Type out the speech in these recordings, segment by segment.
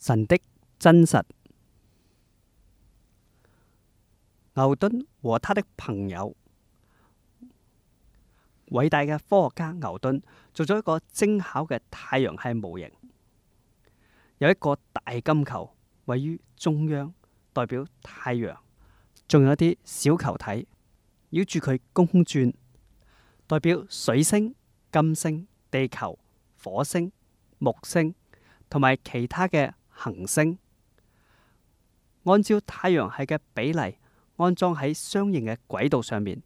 神的真實。牛頓和他的朋友，偉大嘅科學家牛頓做咗一個精巧嘅太陽系模型，有一個大金球位於中央，代表太陽，仲有一啲小球體繞住佢公轉，代表水星、金星、地球、火星、木星同埋其他嘅。行星按照太陽系嘅比例安裝喺相應嘅軌道上面，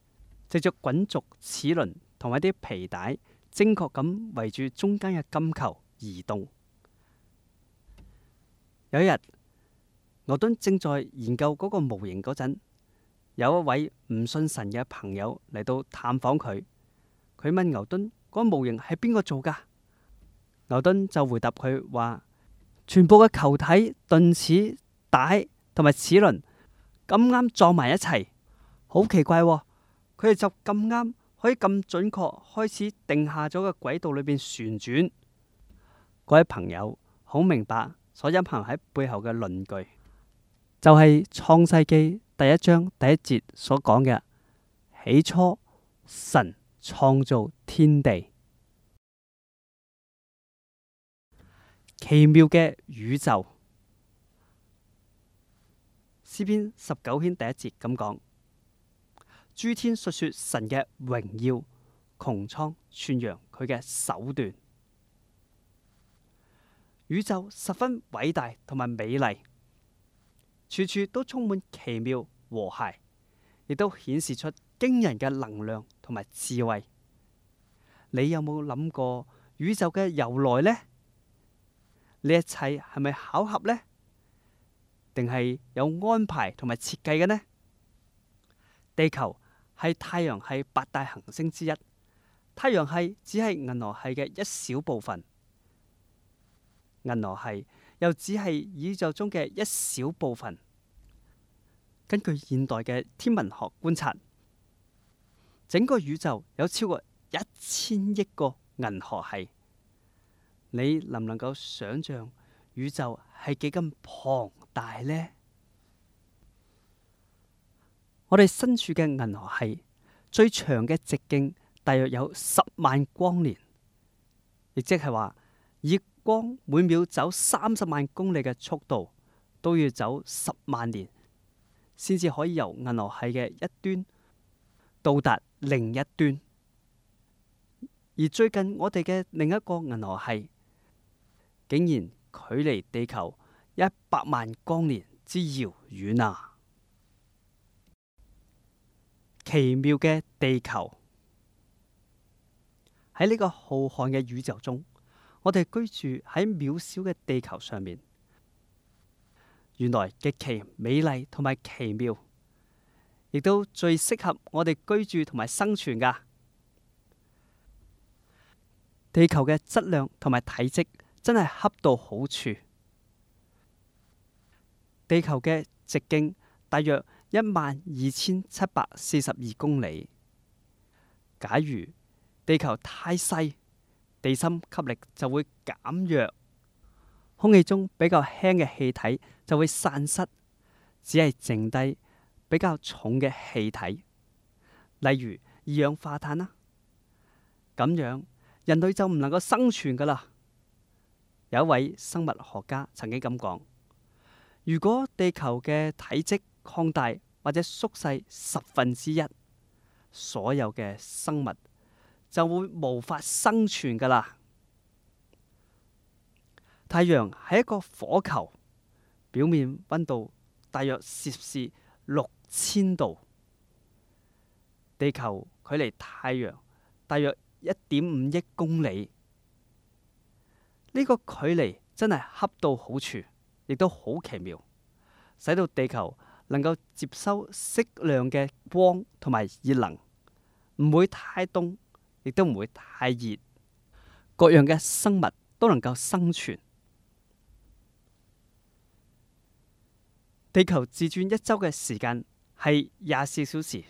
借着滾軸齒輪同埋啲皮帶，精確咁圍住中間嘅金球移動。有一日，牛頓正在研究嗰個模型嗰陣，有一位唔信神嘅朋友嚟到探訪佢。佢問牛頓：嗰個模型係邊個做噶？牛頓就回答佢話。全部嘅球體、鈍齒帶同埋齒輪咁啱撞埋一齊，好奇怪喎，佢哋就咁啱可以咁準確開始定下咗嘅軌道裏邊旋轉。各位朋友，好明白所隱含喺背後嘅論據，就係《創世記》第一章第一節所講嘅：起初神創造天地。奇妙嘅宇宙，詩篇十九篇第一節咁講：諸天述說神嘅榮耀，穹蒼傳揚佢嘅手段。宇宙十分偉大同埋美麗，處處都充滿奇妙和諧，亦都顯示出驚人嘅能量同埋智慧。你有冇諗過宇宙嘅由來呢？呢一切係咪巧合呢？定係有安排同埋設計嘅呢？地球係太陽系八大行星之一，太陽系只係銀河系嘅一小部分，銀河系又只係宇宙中嘅一小部分。根據現代嘅天文學觀察，整個宇宙有超過一千億個銀河系。你能唔能夠想象宇宙係幾咁龐大呢？我哋身處嘅銀河系最長嘅直徑大約有十萬光年，亦即係話以光每秒走三十萬公里嘅速度，都要走十萬年，先至可以由銀河系嘅一端到達另一端。而最近我哋嘅另一個銀河系。竟然距離地球一百萬光年之遙遠啊！奇妙嘅地球，喺呢個浩瀚嘅宇宙中，我哋居住喺渺小嘅地球上面，原來極其美麗同埋奇妙，亦都最適合我哋居住同埋生存㗎。地球嘅質量同埋體積。真係恰到好處。地球嘅直徑大約一萬二千七百四十二公里。假如地球太細，地心吸力就會減弱，空氣中比較輕嘅氣體就會散失，只係剩低比較重嘅氣體，例如二氧化碳啦。咁樣人類就唔能夠生存噶啦。有一位生物學家曾經咁講：如果地球嘅體積擴大或者縮細十分之一，所有嘅生物就會無法生存噶啦。太陽係一個火球，表面溫度大約攝氏六千度。地球距離太陽大約一點五億公里。呢個距離真係恰到好處，亦都好奇妙，使到地球能夠接收適量嘅光同埋熱能，唔會太凍，亦都唔會太熱。各樣嘅生物都能夠生存。地球自轉一周嘅時間係廿四小時，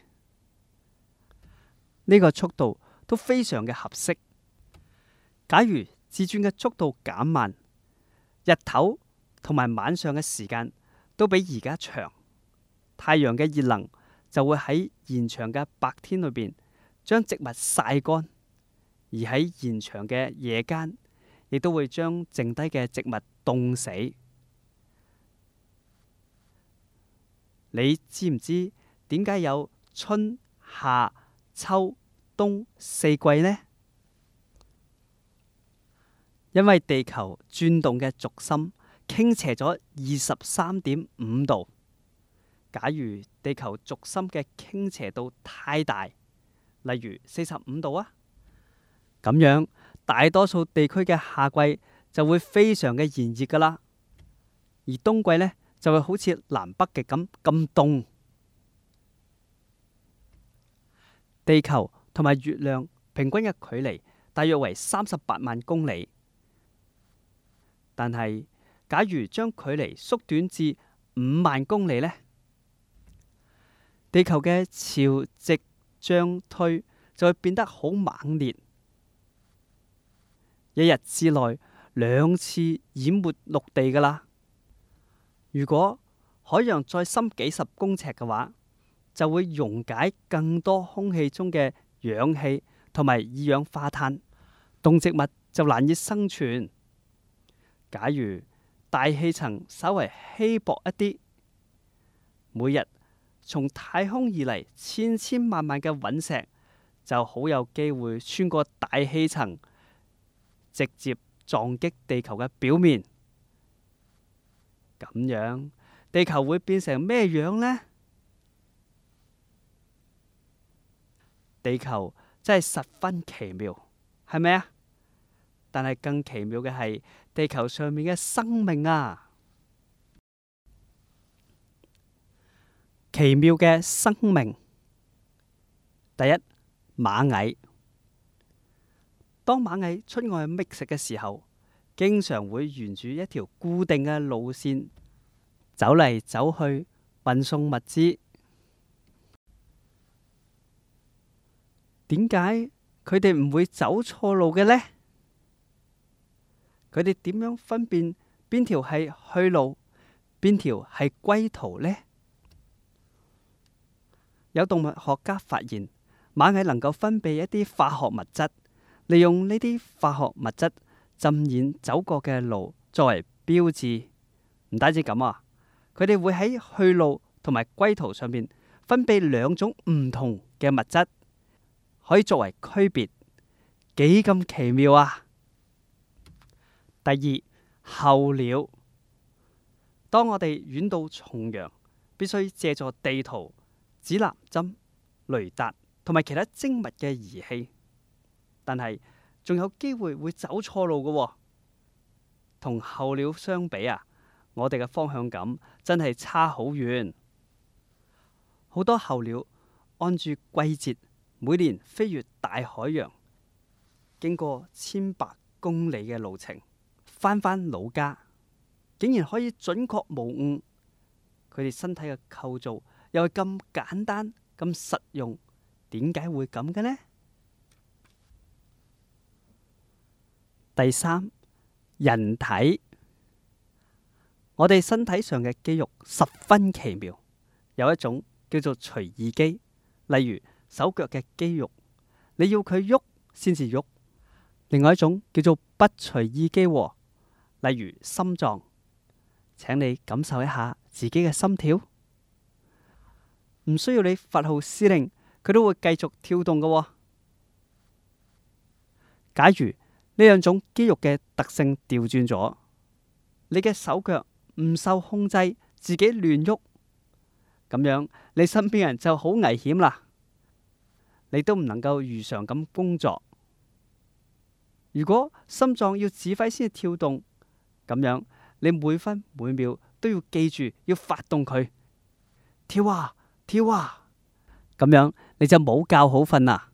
呢個速度都非常嘅合適。假如自轉嘅速度減慢，日頭同埋晚上嘅時間都比而家長，太陽嘅熱能就會喺延長嘅白天裏邊將植物曬乾，而喺延長嘅夜間亦都會將剩低嘅植物凍死。你知唔知點解有春夏秋冬四季呢？因為地球轉動嘅軸心傾斜咗二十三點五度。假如地球軸心嘅傾斜度太大，例如四十五度啊，咁樣大多數地區嘅夏季就會非常嘅炎熱噶啦，而冬季呢就會好似南北極咁咁凍。地球同埋月亮平均嘅距離大約為三十八萬公里。但係，假如將距離縮短至五萬公里呢，地球嘅潮汐漲退就會變得好猛烈，一日之內兩次淹沒陸地㗎喇。如果海洋再深幾十公尺嘅話，就會溶解更多空氣中嘅氧氣同埋二氧化碳，動植物就難以生存。假如大氣層稍為稀薄一啲，每日從太空而嚟千千萬萬嘅隕石就好有機會穿過大氣層，直接撞擊地球嘅表面。咁樣地球會變成咩樣呢？地球真係十分奇妙，係咪啊？但係更奇妙嘅係地球上面嘅生命啊，奇妙嘅生命。第一螞蟻，當螞蟻出外覓食嘅時候，經常會沿住一條固定嘅路線走嚟走去運送物資。點解佢哋唔會走錯路嘅呢？佢哋點樣分辨邊條係去路，邊條係歸途呢？有動物學家發現，螞蟻能夠分泌一啲化學物質，利用呢啲化學物質浸染走過嘅路作為標誌。唔單止咁啊，佢哋會喺去路同埋歸途上面分泌兩種唔同嘅物質，可以作為區別。幾咁奇妙啊！第二，候鳥，當我哋遠到重洋，必須借助地圖、指南針、雷達同埋其他精密嘅儀器，但係仲有機會會走錯路噶喎。同候鳥相比啊，我哋嘅方向感真係差好遠。好多候鳥按住季節，每年飛越大海洋，經過千百公里嘅路程。翻返老家，竟然可以準確無誤。佢哋身體嘅構造又係咁簡單咁實用，點解會咁嘅呢？第三，人體我哋身體上嘅肌肉十分奇妙，有一種叫做隨意肌，例如手腳嘅肌肉，你要佢喐先至喐；另外一種叫做不隨意肌喎。例如心臟，請你感受一下自己嘅心跳，唔需要你發號施令，佢都會繼續跳動嘅喎。假如呢兩種肌肉嘅特性調轉咗，你嘅手腳唔受控制，自己亂喐，咁樣你身邊人就好危險啦。你都唔能夠如常咁工作。如果心臟要指揮先跳動。咁樣，你每分每秒都要記住要發動佢跳啊、跳啊！咁樣你就冇覺好瞓啊。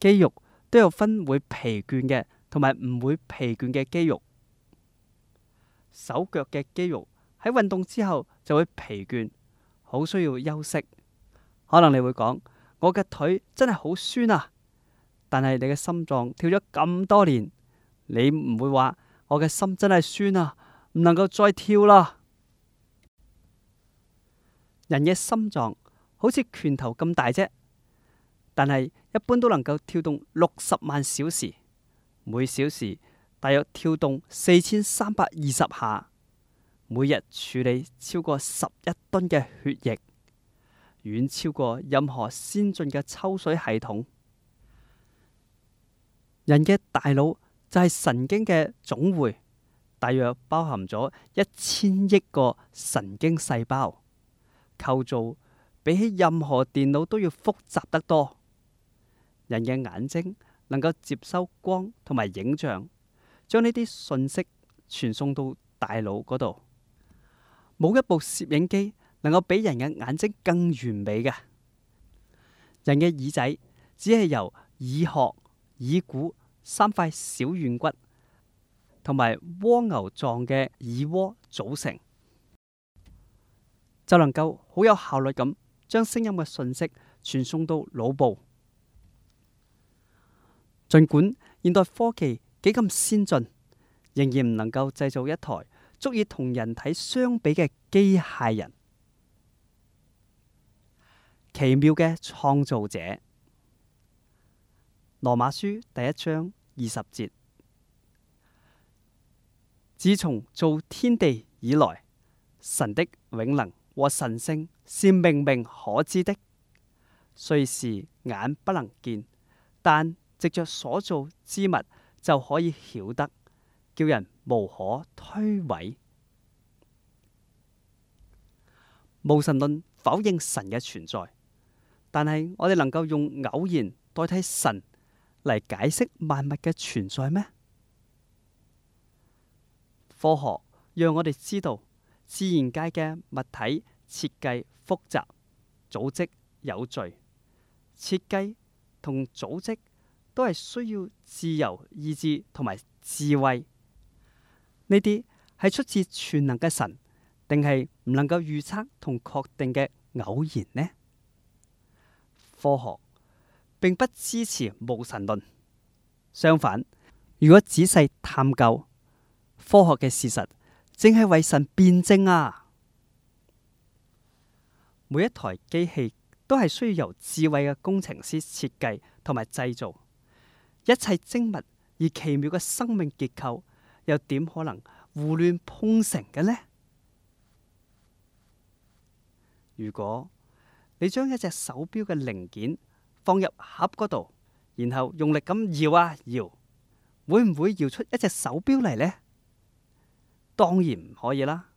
肌肉都有分會疲倦嘅，同埋唔會疲倦嘅肌肉。手腳嘅肌肉喺運動之後就會疲倦，好需要休息。可能你會講，我嘅腿真係好酸啊，但係你嘅心臟跳咗咁多年。你唔會話我嘅心真係酸啊，唔能夠再跳啦。人嘅心臟好似拳頭咁大啫，但係一般都能夠跳動六十萬小時，每小時大約跳動四千三百二十下，每日處理超過十一噸嘅血液，遠超過任何先進嘅抽水系統。人嘅大腦。就係神經嘅總匯，大約包含咗一千億個神經細胞，構造比起任何電腦都要複雜得多。人嘅眼睛能夠接收光同埋影像，將呢啲信息傳送到大腦嗰度。冇一部攝影機能夠比人嘅眼睛更完美嘅。人嘅耳仔只係由耳殼、耳鼓。三塊小軟骨同埋蝸牛狀嘅耳蝸組成，就能夠好有效率咁將聲音嘅訊息傳送到腦部。儘管現代科技幾咁先進，仍然唔能夠製造一台足以同人體相比嘅機械人。奇妙嘅創造者。羅馬書第一章二十節：自從造天地以來，神的永能和神性是明明可知的，雖是眼不能見，但藉着所造之物就可以曉得，叫人無可推諉。無神論否認神嘅存在，但係我哋能夠用偶然代替神。嚟解釋萬物嘅存在咩？科學讓我哋知道，自然界嘅物體設計複雜、組織有序，設計同組織都係需要自由意志同埋智慧。呢啲係出自全能嘅神，定係唔能夠預測同確定嘅偶然呢？科學。並不支持無神論。相反，如果仔細探究科學嘅事實，正係為神辯證啊！每一台機器都係需要由智慧嘅工程師設計同埋製造，一切精密而奇妙嘅生命結構，又點可能胡亂碰成嘅呢？如果你將一隻手錶嘅零件，放入盒嗰度，然後用力咁搖啊搖，會唔會搖出一隻手表嚟咧？當然唔可以啦。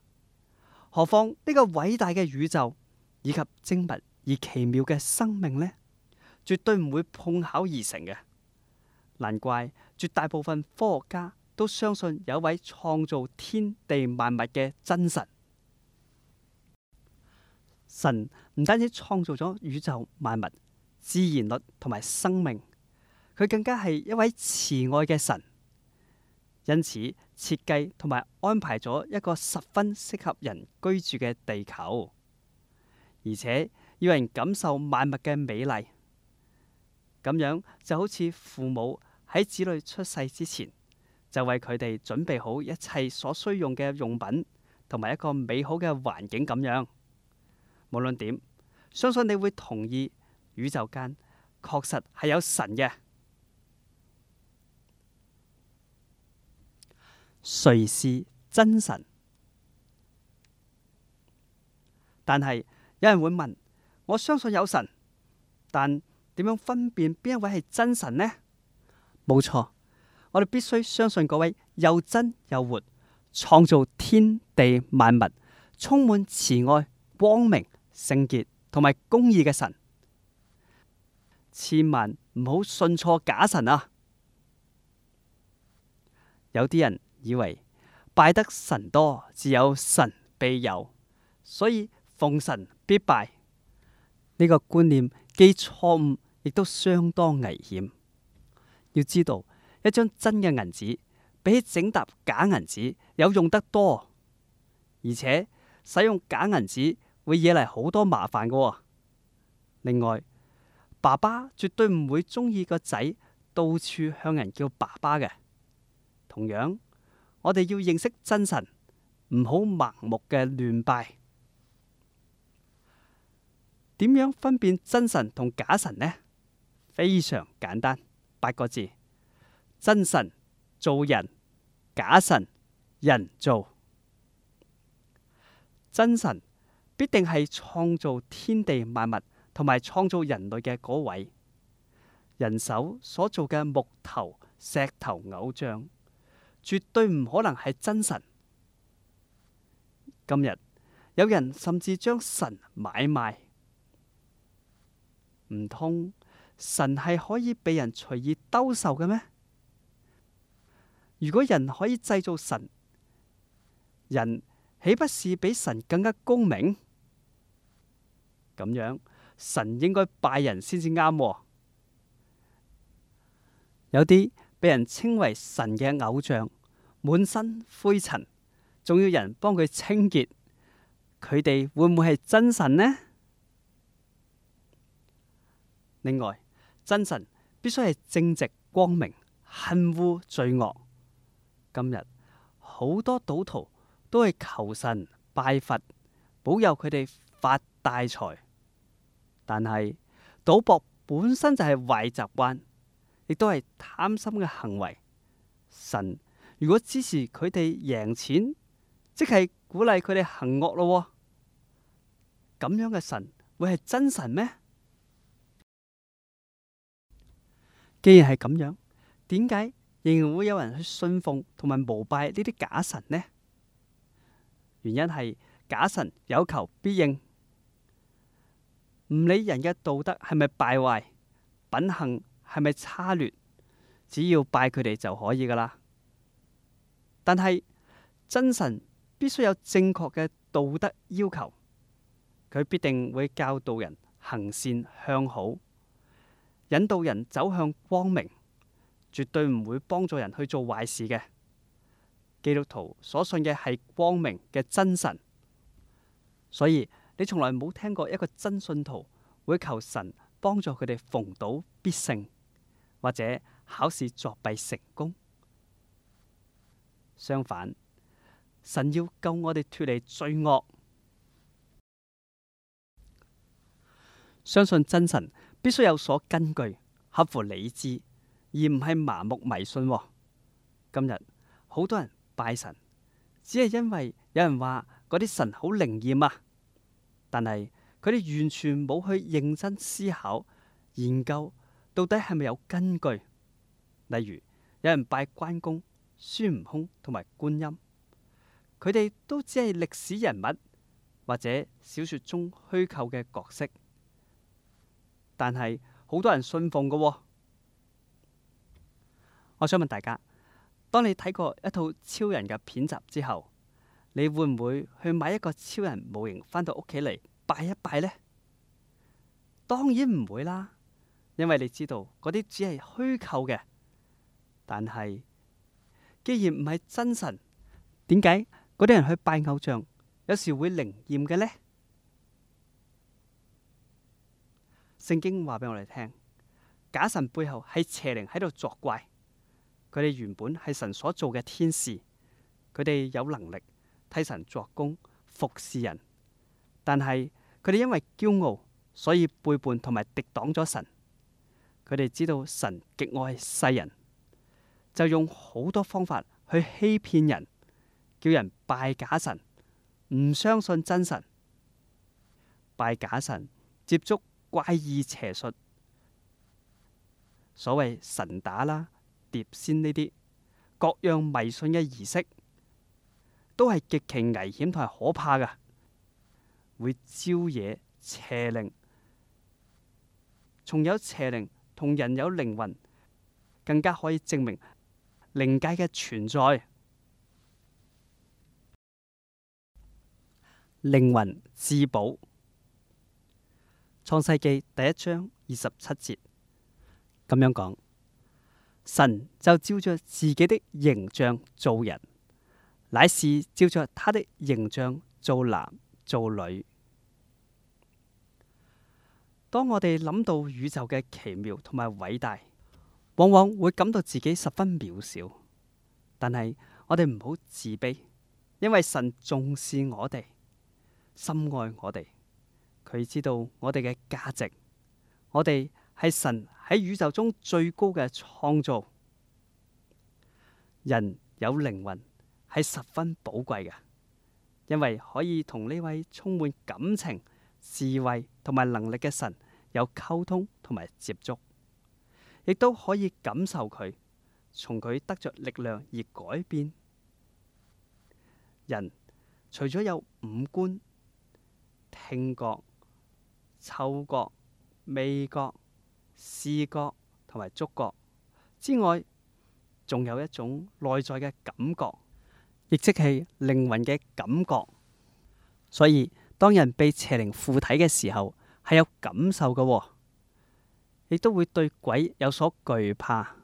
何況呢個偉大嘅宇宙以及精密而奇妙嘅生命咧，絕對唔會碰巧而成嘅。難怪絕大部分科學家都相信有一位創造天地萬物嘅真神。神唔單止創造咗宇宙萬物。自然律同埋生命，佢更加係一位慈愛嘅神，因此設計同埋安排咗一個十分適合人居住嘅地球，而且要人感受萬物嘅美麗。咁樣就好似父母喺子女出世之前就為佢哋準備好一切所需用嘅用品，同埋一個美好嘅環境咁樣。無論點，相信你會同意。宇宙間確實係有神嘅，誰是真神？但係有人會問：我相信有神，但點樣分辨邊一位係真神呢？冇錯，我哋必須相信嗰位又真又活，創造天地萬物，充滿慈愛、光明、聖潔同埋公義嘅神。千萬唔好信錯假神啊！有啲人以為拜得神多，自有神庇佑，所以奉神必拜。呢個觀念既錯誤，亦都相當危險。要知道，一張真嘅銀紙比起整沓假銀紙有用得多，而且使用假銀紙會惹嚟好多麻煩㗎喎。另外，爸爸絕對唔會中意個仔到處向人叫爸爸嘅。同樣，我哋要認識真神，唔好盲目嘅亂拜。點樣分辨真神同假神呢？非常簡單，八個字：真神造人，假神人造。真神必定係創造天地萬物。同埋創造人類嘅嗰位，人手所做嘅木頭、石頭、偶像，絕對唔可能係真神。今日有人甚至將神買賣，唔通神係可以被人隨意兜售嘅咩？如果人可以製造神，人豈不是比神更加高明？咁樣？神應該拜人先至啱，有啲被人稱為神嘅偶像，滿身灰塵，仲要人幫佢清潔，佢哋會唔會係真神呢？另外，真神必須係正直、光明、恨污罪惡。今日好多賭徒都係求神拜佛，保佑佢哋發大財。但係賭博本身就係壞習慣，亦都係貪心嘅行為。神如果支持佢哋贏錢，即係鼓勵佢哋行惡咯。咁樣嘅神會係真神咩？既然係咁樣，點解仍然會有人去信奉同埋膜拜呢啲假神呢？原因係假神有求必應。唔理人嘅道德係咪敗壞，品行係咪差劣，只要拜佢哋就可以噶啦。但係真神必須有正確嘅道德要求，佢必定會教導人行善向好，引導人走向光明，絕對唔會幫助人去做壞事嘅。基督徒所信嘅係光明嘅真神，所以。你從來冇聽過一個真信徒會求神幫助佢哋逢賭必勝，或者考試作弊成功。相反，神要救我哋脫離罪惡，相信真神必須有所根據，合乎理智，而唔係麻木迷信哦。今日好多人拜神，只係因為有人話嗰啲神好靈驗啊。但係佢哋完全冇去認真思考、研究到底係咪有根據。例如有人拜關公、孫悟空同埋觀音，佢哋都只係歷史人物或者小說中虛構嘅角色，但係好多人信奉㗎喎。我想問大家，當你睇過一套超人嘅片集之後，你會唔會去買一個超人模型返到屋企嚟拜一拜呢？當然唔會啦，因為你知道嗰啲只係虛構嘅。但係既然唔係真神，點解嗰啲人去拜偶像有時會靈驗嘅呢？聖經話俾我哋聽，假神背後係邪靈喺度作怪。佢哋原本係神所做嘅天使，佢哋有能力。替神作工服侍人，但係佢哋因為驕傲，所以背叛同埋敵擋咗神。佢哋知道神極愛世人，就用好多方法去欺騙人，叫人拜假神，唔相信真神，拜假神，接觸怪異邪術，所謂神打啦、碟仙呢啲各樣迷信嘅儀式。都係極其危險同係可怕嘅，會招惹邪靈。蟲有邪靈，同人有靈魂，更加可以證明靈界嘅存在。靈魂至寶，創世紀第一章二十七節咁樣講：神就照着自己的形象做人。乃是照着他的形象造男造女。當我哋諗到宇宙嘅奇妙同埋偉大，往往會感到自己十分渺小。但係我哋唔好自卑，因為神重視我哋，深愛我哋。佢知道我哋嘅價值，我哋係神喺宇宙中最高嘅創造。人有靈魂。係十分寶貴嘅，因為可以同呢位充滿感情、智慧同埋能力嘅神有溝通同埋接觸，亦都可以感受佢，從佢得着力量而改變。人除咗有五官、聽覺、嗅覺、味覺、視覺同埋觸覺之外，仲有一種內在嘅感覺。亦即係靈魂嘅感覺，所以當人被邪靈附體嘅時候，係有感受噶喎，亦都會對鬼有所懼怕。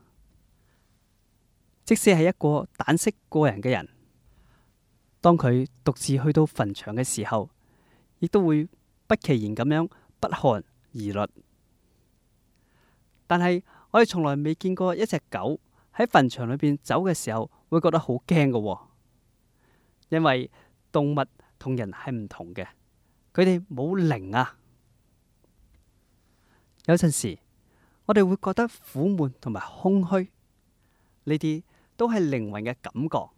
即使係一個膽識過人嘅人，當佢獨自去到墳場嘅時候，亦都會不其然咁樣不寒而慄。但係我哋從來未見過一隻狗喺墳場裏邊走嘅時候會覺得好驚噶。因為動物同人係唔同嘅，佢哋冇靈啊。有陣時我哋會覺得苦悶同埋空虛，呢啲都係靈魂嘅感覺。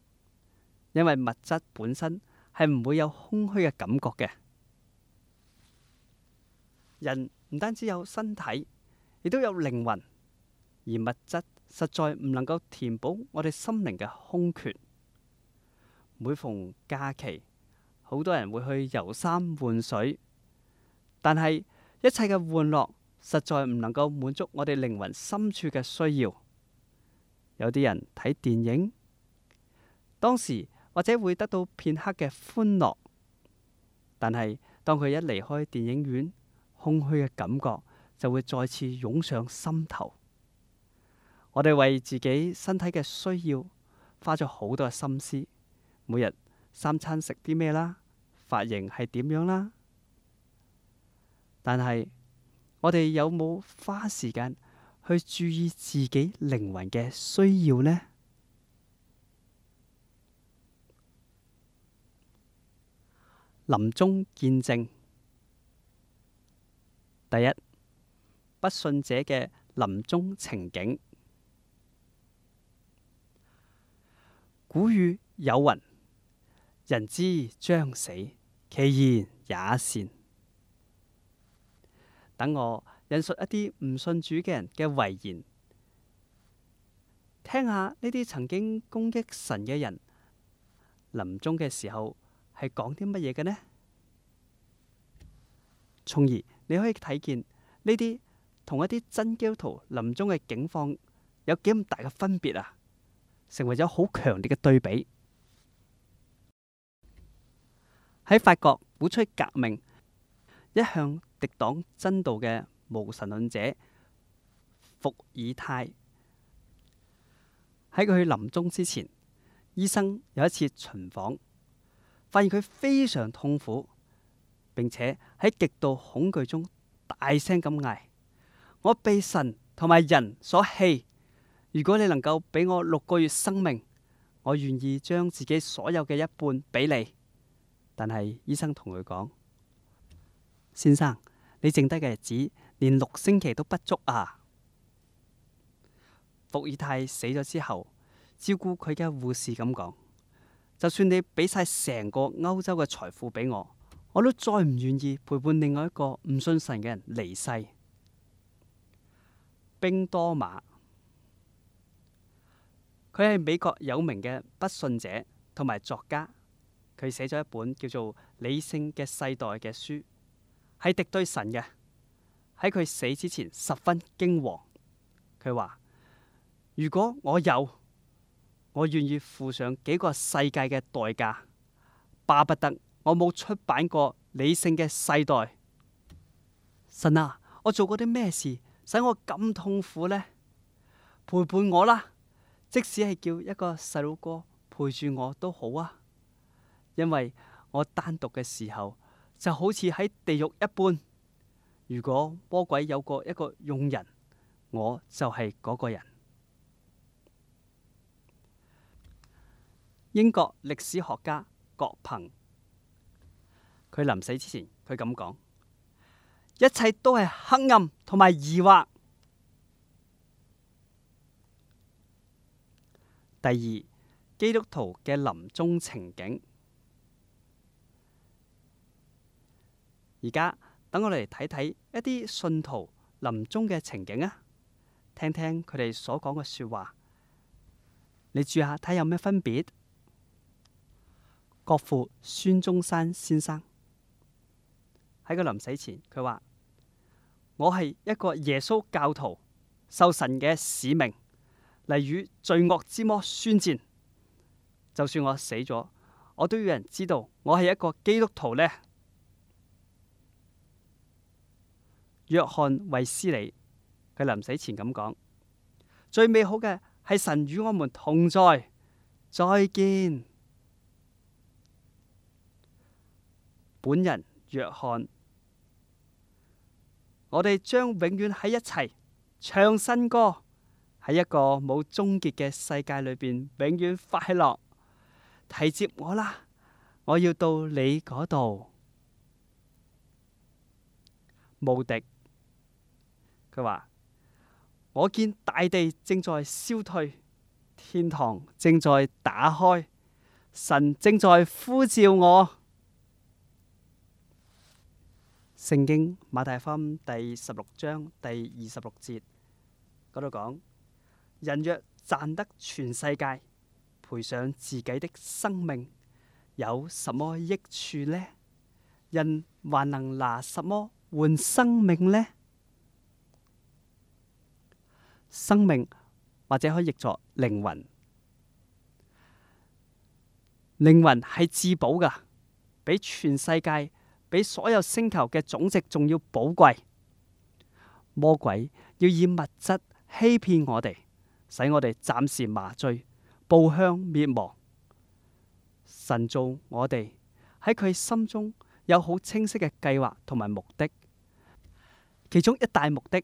因為物質本身係唔會有空虛嘅感覺嘅。人唔單止有身體，亦都有靈魂，而物質實在唔能夠填補我哋心靈嘅空缺。每逢假期，好多人會去遊山玩水，但係一切嘅玩樂實在唔能夠滿足我哋靈魂深處嘅需要。有啲人睇電影，當時或者會得到片刻嘅歡樂，但係當佢一離開電影院，空虛嘅感覺就會再次湧上心頭。我哋為自己身體嘅需要花咗好多嘅心思。每日三餐食啲咩啦？髮型係點樣啦？但係我哋有冇花時間去注意自己靈魂嘅需要呢？臨終見證，第一，不信者嘅臨終情景，古語有云。人之將死，其言也善。等我引述一啲唔信主嘅人嘅遺言，聽下呢啲曾經攻擊神嘅人臨終嘅時候係講啲乜嘢嘅呢？從而你可以睇見，呢啲同一啲真基督徒臨終嘅境況，有幾咁大嘅分別啊，成為咗好強烈嘅對比。喺法國鼓吹革命、一向敵黨真道嘅無神論者伏爾泰，喺佢去臨終之前，醫生有一次巡訪，發現佢非常痛苦，並且喺極度恐懼中大聲咁嗌：我被神同埋人所棄。如果你能夠俾我六個月生命，我願意將自己所有嘅一半俾你。但係醫生同佢講：先生，你剩低嘅日子連六星期都不足啊！伏爾泰死咗之後，照顧佢嘅護士咁講：就算你俾晒成個歐洲嘅財富俾我，我都再唔願意陪伴另外一個唔信神嘅人離世。兵多馬，佢係美國有名嘅不信者同埋作家。佢寫咗一本叫做《理性嘅世代》嘅書，係敵對神嘅。喺佢死之前十分驚惶，佢話：如果我有，我願意付上幾個世界嘅代價，巴不得我冇出版過《理性嘅世代》。神啊，我做過啲咩事，使我咁痛苦呢？陪伴我啦，即使係叫一個細佬哥陪住我都好啊。因為我單獨嘅時候就好似喺地獄一般。如果魔鬼有過一個用人，我就係嗰個人。英國歷史學家郭鵬，佢臨死之前，佢咁講：一切都係黑暗同埋疑惑。第二，基督徒嘅臨終情景。而家等我哋睇睇一啲信徒臨終嘅情景啊，聽聽佢哋所講嘅說話。你注下睇有咩分別？國父孫中山先生喺佢臨死前，佢話：我係一個耶穌教徒，受神嘅使命嚟與罪惡之魔宣戰。就算我死咗，我都要人知道我係一個基督徒呢。」約翰衛斯理，佢臨死前咁講：最美好嘅係神與我們同在，再見，本人約翰，我哋將永遠喺一齊唱新歌，喺一個冇終結嘅世界裏邊，永遠快樂。提接我啦，我要到你嗰度，無敵。佢話：我見大地正在消退，天堂正在打開，神正在呼召我。聖經馬太福音第十六章第二十六節嗰度講：人若賺得全世界，賠上自己的生命，有什麼益處呢？人還能拿什麼換生命呢？生命或者可以譯作靈魂，靈魂係至寶噶，比全世界、比所有星球嘅總值仲要寶貴。魔鬼要以物質欺騙我哋，使我哋暫時麻醉，步向滅亡。神造我哋喺佢心中有好清晰嘅計劃同埋目的，其中一大目的，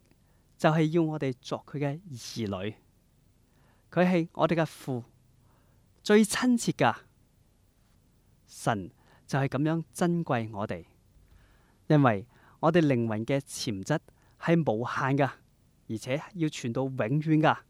就係要我哋作佢嘅兒女，佢係我哋嘅父，最親切噶。神就係咁樣珍貴我哋，因為我哋靈魂嘅潛質係無限噶，而且要傳到永遠噶。